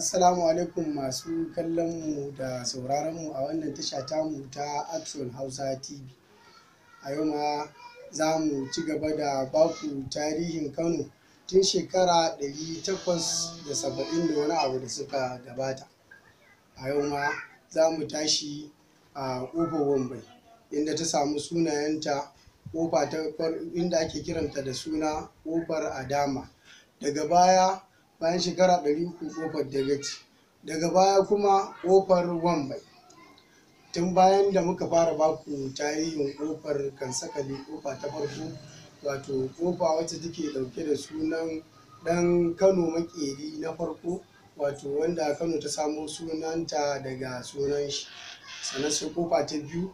Assalamu alaikum masu kallon mu da sauraron mu a wannan tasha tamu ta Action Hausa TV. A yau ma za mu ci gaba da baku tarihin Kano tun shekara 870 da wani abu da suka gabata. A yau ma za mu tashi a ƙofar Wambai inda ta samu sunayenta ƙofa ta inda ake kiranta da suna ƙofar Adama. Daga baya bayan shekara 300 kofar dagaci daga baya kuma ƙofar wambai tun bayan da muka fara baku tarihin kofar kansakali kofa ta farko wato kofa wacce take ɗauke da sunan ɗan kano makeri na farko wato wanda kano ta samo sunanta daga sunan shi sannan sai kofa ta biyu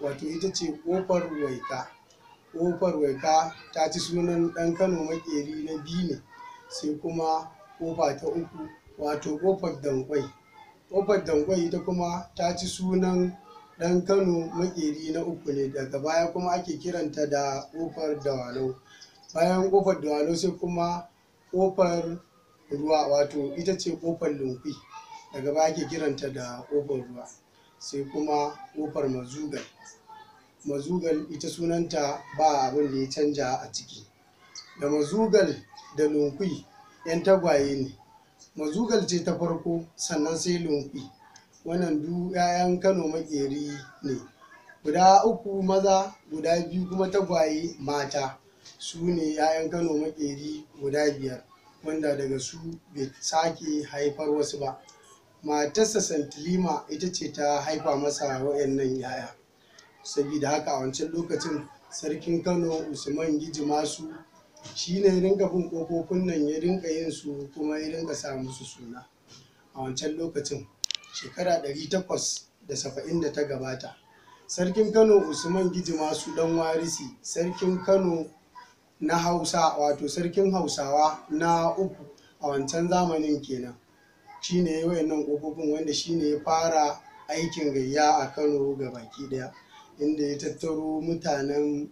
wato ita ce ƙofar waika ƙofar waika ta ci sunan ɗan kano makeri na biyu ne sai kuma ƙofa ta uku wato ƙofar dankwai ƙofar dankwai ita kuma ta ci sunan ɗan kano maƙeri na uku ne daga baya kuma ake kiranta da ƙofar dawalo bayan ƙofar dawalo sai kuma ƙofar ruwa wato ita ce ƙofar lumfi daga baya ake kiranta da ƙofar ruwa sai kuma ƙofar mazugal mazugal ita sunanta ba abin da ya canja a ciki da mazugal da lumfi 'yan tagwaye ne mazugal ce ta farko sannan sai lumfi wannan du 'ya'yan kano makeri ne guda uku maza guda biyu kuma tagwaye mata su ne 'ya'yan kano makeri guda biyar wanda daga su bai sake haifar wasu ba matarsa santilima ita ce ta haifa masa wayannan 'ya'ya sabida haka a wancan lokacin sarkin kano usman giji masu shi ne ya rinka bin ƙofofin nan ya rinka yin su kuma ya rinka sa musu suna a wancan lokacin shekara 870 da da ta gabata sarkin kano usman gijima su dan warisi sarkin kano na hausa wato sarkin hausawa na uku a wancan zamanin kenan shi ne ya nan ƙofofin wanda shi ne ya fara aikin gayya a kano ga baki daya inda ya tattaro mutanen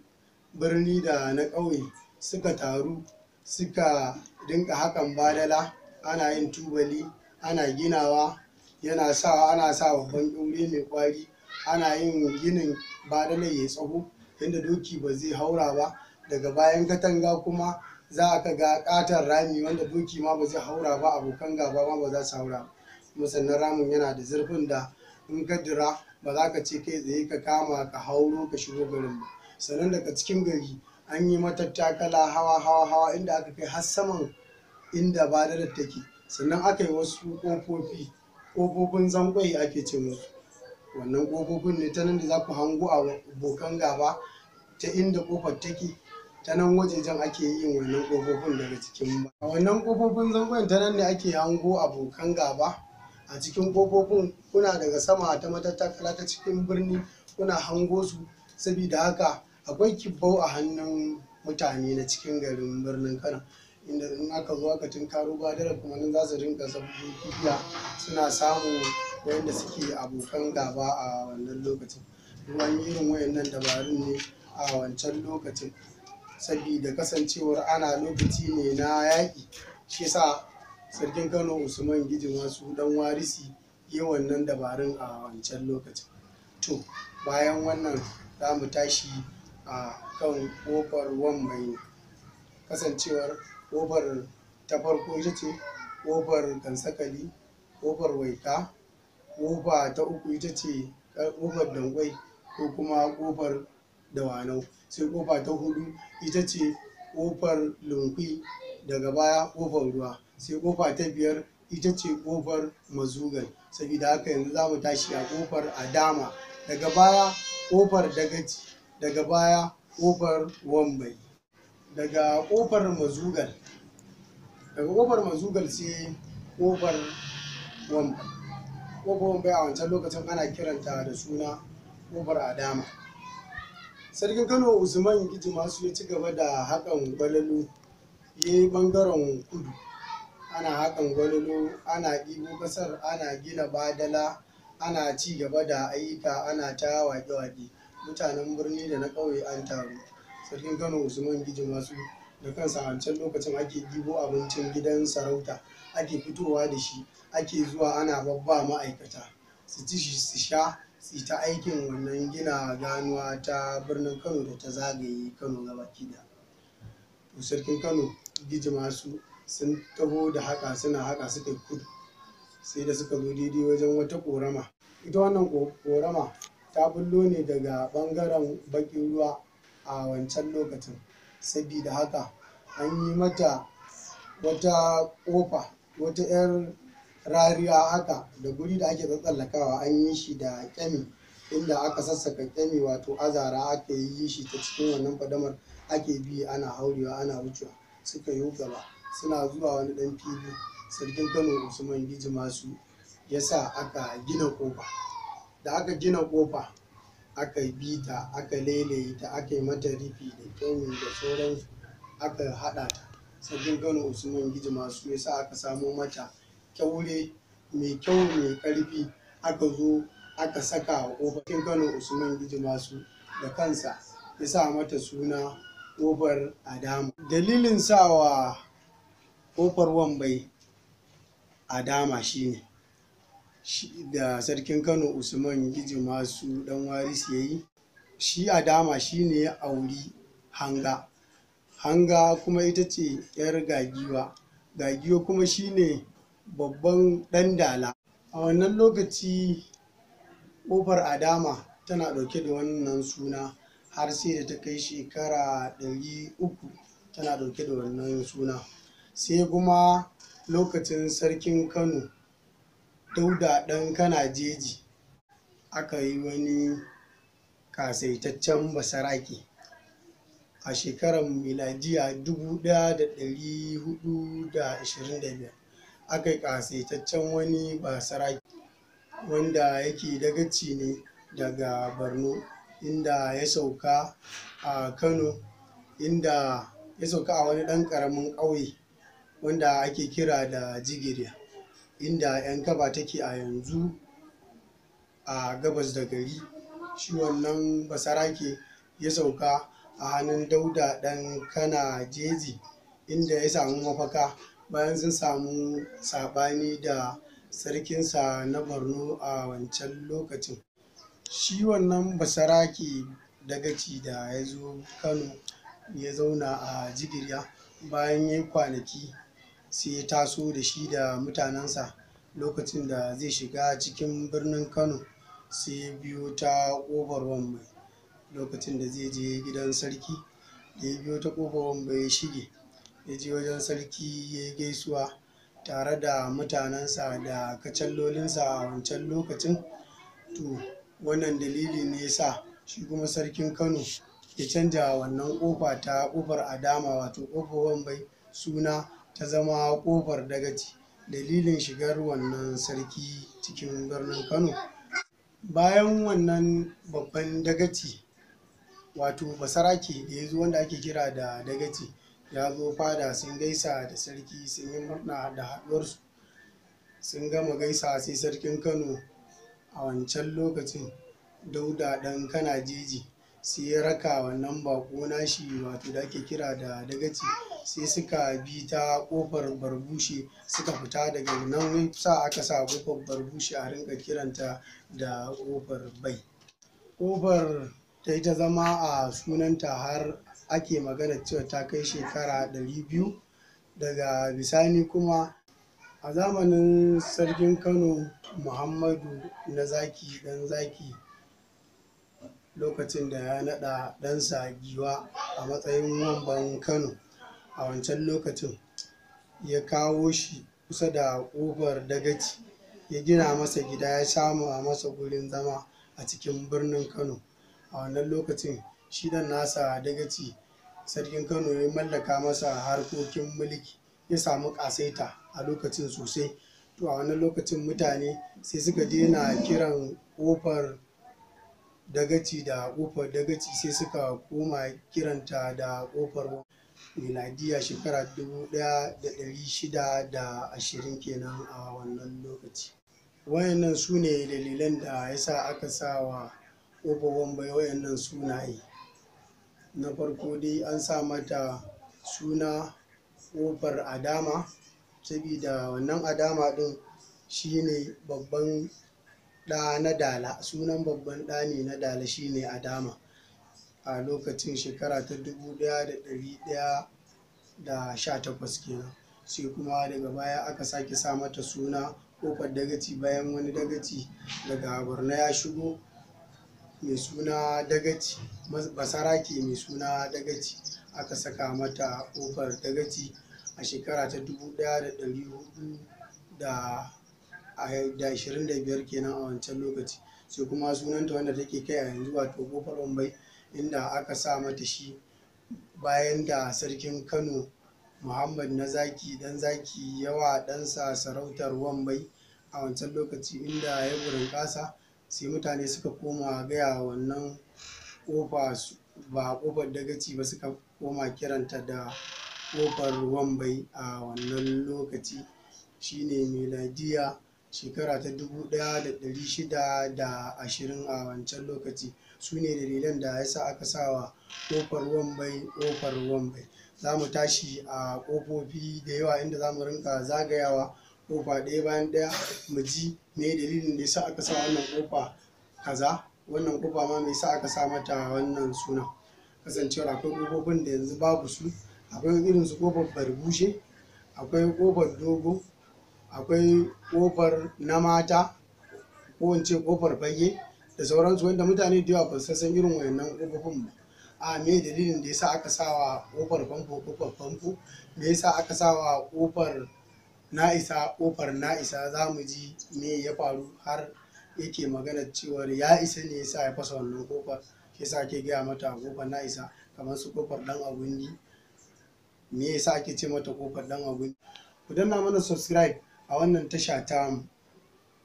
birni da na ƙauye suka taru suka dinka hakan badala ana yin tubali ana ginawa yana sa ana sa babban ɗaure mai kwari ana yin ginin badala ya tsaho inda doki ba zai haura ba daga bayan katanga kuma za ka ga katar rami wanda doki ma ba zai haura ba abokan gaba ma ba za su haura ba sannan ramin yana da zurfin da in ka dira ba za ka ce kai tsaye ka kama ka hauro ka shigo garin ba sannan daga cikin gari an yi mata takala hawa hawa hawa inda aka kai har saman inda badarar take sannan aka yi wasu ƙofofi ƙofofin zangwai ake ce musu wannan ƙofofin ne ta nan da za ku hango a bokan gaba ta inda ƙofar take ta nan wajejen ake yin wannan ƙofofin daga cikin ba wannan ƙofofin zangwai ta nan ne ake hango a bokan gaba a cikin ƙofofin kuna daga sama ta matattakala ta cikin birni kuna hango su saboda haka akwai kibbau a hannun mutane na cikin garin birnin kano inda in aka zo aka tunkaro badara kuma nan za su rinka sabbin kibiya suna samun wayanda suke abokan gaba a wannan lokacin ruwan irin wayannan dabarun ne a wancan lokacin sabida kasancewar ana lokaci ne na yaƙi shi yasa sarkin kano usman giji masu dan warisi yi wannan dabarun a wancan lokacin to bayan wannan za mu tashi a kan ƙofar mai kasancewar ƙofar ta farko ita ce ƙofar kansakali ƙofar waika kofa ta uku ita ce ƙofar dangwai ko kuma ƙofar dawanau sai ƙofa ta hudu ita ce ƙofar lunkwi daga baya ƙofar ruwa sai ƙofa ta biyar ita ce ƙofar mazugal Sabida haka yanzu za mu tashi a ƙofar adama daga baya ƙofar dagaci daga baya ƙofar wambai daga ƙofar mazugal daga ƙofar mazugal sai ƙofar wambai ƙofar wambai a wancan lokacin ana kiranta da suna ƙofar adama sarkin kano usman gijima masu ya ci gaba da haƙan gwalalo ya yi ɓangaren kudu ana haƙan gwalalo ana ɗibo ƙasar ana gina badala ana ci gaba da ayyuka ana ta waƙe-waƙe mutanen birni da na ƙauye an taru sarkin kano usman gijin wasu da kansa a wancan lokacin ake ɗibo abincin gidan sarauta ake fitowa da shi ake zuwa ana babba ma'aikata su ci shi su sha su ta aikin wannan gina ganuwa ta birnin kano da ta zagaye kano baki da sarkin kano Gijimasu su sun taho da haka suna haka suka kudu sai da suka zo daidai wajen wata korama ita wannan korama ta bullo ne daga ɓangaren baƙin ruwa a wancan lokacin sabida haka an yi mata wata ƙofa wata 'yar rariya haka da guri da ake tsallakawa an yi shi da ƙyami inda aka sassaka ƙyami wato azara aka yi shi ta cikin wannan fadamar ake bi ana haurewa ana wucewa suka yi gaba suna zuwa wani ɗan fili sarkin kano usman giji masu sa aka gina ƙofa da aka gina ƙofa aka bi ta aka lelaye ta aka yi mata rufi da kyau da sauransu aka haɗa ta sabbin kano usman giji masu yasa aka samo mata kyaure mai kyau mai ƙarfi aka zo aka saka a ƙofar kano usman giji masu da kansa ya sa mata suna ƙofar adama dalilin sawa ƙofar wambai adama shine da sarkin kano usman giji masu dan waris ya yi shi Adama shine shi ya auri hanga hanga kuma ita ce 'yar gagiwa gagiwa kuma shi ne babban dan dala a wannan lokaci ƙofar adama tana ɗauke da wannan suna har sai da ta kai shekara 300 tana ɗauke da wannan suna sai kuma lokacin sarkin kano dauda ɗan kana jeji aka yi wani kasaitaccen basaraki a shekarar miladiya 1425 aka yi kasaitaccen wani basaraki wanda yake dagaci ne daga borno inda ya sauka a kano inda ya sauka a wani ɗan ƙaramin ƙauye wanda ake kira da jigiriya inda 'yan kaba take a yanzu a gabas da gari shi wannan basarake ya sauka a hannun dauda ɗan kana jeji inda ya samu mafaka bayan sun samu saɓani da sarkinsa na borno a wancan lokacin shi wannan basarake dagaci da ya zo kano ya zauna a jigirya bayan ya kwanaki sai ya taso da shi da mutanensa lokacin da zai shiga cikin birnin kano sai biyo ta ƙofar wambai lokacin da zai je gidan sarki da ya biyo ta ƙofar wambai ya shige ya je wajen sarki ya gaisuwa tare da mutanensa da kacallolinsa a wancan lokacin to wannan dalili ne sa shi kuma sarkin kano ya canja wannan ƙofa ta ƙofar adama wato ƙofar wambai suna ta zama kofar dagaci dalilin shigar wannan sarki cikin birnin kano bayan wannan babban dagaci wato basarake da ya zo wanda ake kira da dagaci ya zo fada sun gaisa da sarki sun yi murna da haɗuwarsu sun gama gaisa sai sarkin kano a wancan lokacin dauda ɗan kana jeji sai ya raka wannan baƙo nashi wato da ake kira da dagaci sai suka bi ta kofar barbushe suka fita daga nan sa aka sa kofar barbushe a rinka kiranta da kofar bai kofar ta yi ta zama a sunanta har ake magana cewa ta kai shekara 200 daga bisani kuma a zamanin sarkin kano muhammadu na zaki dan zaki lokacin da ya naɗa ɗansa giwa a matsayin wamban kano a wancan lokacin ya kawo shi kusa da ƙofar dagaci ya gina masa gida ya samu a masa gurin zama a cikin birnin kano a wannan lokacin shi nasa dagaci sarkin kano ya mallaka masa harkokin mulki ya samu ƙasaita a lokacin sosai to a wannan lokacin mutane sai suka daina kiran ƙofar dagaci da ƙofar dagaci sai suka koma kiranta da ƙofar miladiya shekara dubu ɗaya da ɗari shida da ashirin kenan a wannan lokaci wayannan su ne dalilan da ya sa aka sa wa ƙofofin bai wayannan sunaye na farko dai an sa mata suna kofar adama sabida wannan adama ɗin shine babban ɗa na dala sunan babban ɗa ne na dala shine adama a lokacin shekara ta 1118 kenan sai kuma daga baya aka sake sa mata suna kofar dagaci bayan wani dagaci daga borno ya shigo mai suna dagaci basarake mai suna dagaci aka saka mata kofar dagaci a shekara ta 1425 kenan a wancan lokaci sai kuma sunanta wanda take kai a yanzu wato kofar wambai inda aka sa mata shi bayan da sarkin kano muhammad na zaki dan zaki yawa ɗansa sarautar wambai a wancan lokaci inda ya burin ƙasa sai mutane suka koma gaya wannan ƙofa ba ƙofar dagaci ba suka koma kiranta da ƙofar wambai a wannan lokaci shine miladiya shekara ta 1620 a wancan lokaci su ne dalilan da ya sa aka sawa kofar wambai ƙofar wambai za mu tashi a ƙofofi da yawa inda za mu rinka zagayawa ƙofa ɗaya bayan ɗaya mu ji me dalilin da ya sa aka sa wannan ƙofa kaza wannan ƙofa ma me sa aka sa mata wannan suna kasancewar akwai kofofin da yanzu babu su akwai irin su ƙofar barbushe akwai ƙofar dogo akwai ƙofar na mata ko in ce ƙofar fage da sauransu wanda mutane da yawa ba su san irin wayannan ƙofofin ba a me dalilin da yasa aka sawa ƙofar famfo ƙofar famfo me yasa aka sa wa ƙofar na'isa ƙofar na'isa za mu ji me ya faru har yake magana cewar ya isa ne yasa ya fasa wannan ƙofar ke yasa ake gaya mata ƙofar na'isa kamar su ƙofar ɗan agundi me yasa ake ce mata ƙofar ɗan agundi ku danna mana subscribe a wannan tasha ta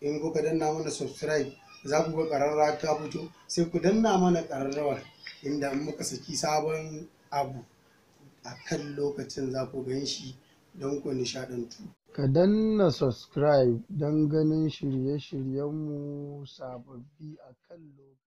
in kuka danna mana subscribe za ku ga ƙararra ta fito sai ku danna mana ƙararrawar inda muka saki sabon abu a kan lokacin za ku gan shi don ku nishaɗantu. Ka danna subscribe don ganin shirye-shiryenmu sababbi a kan lokacin.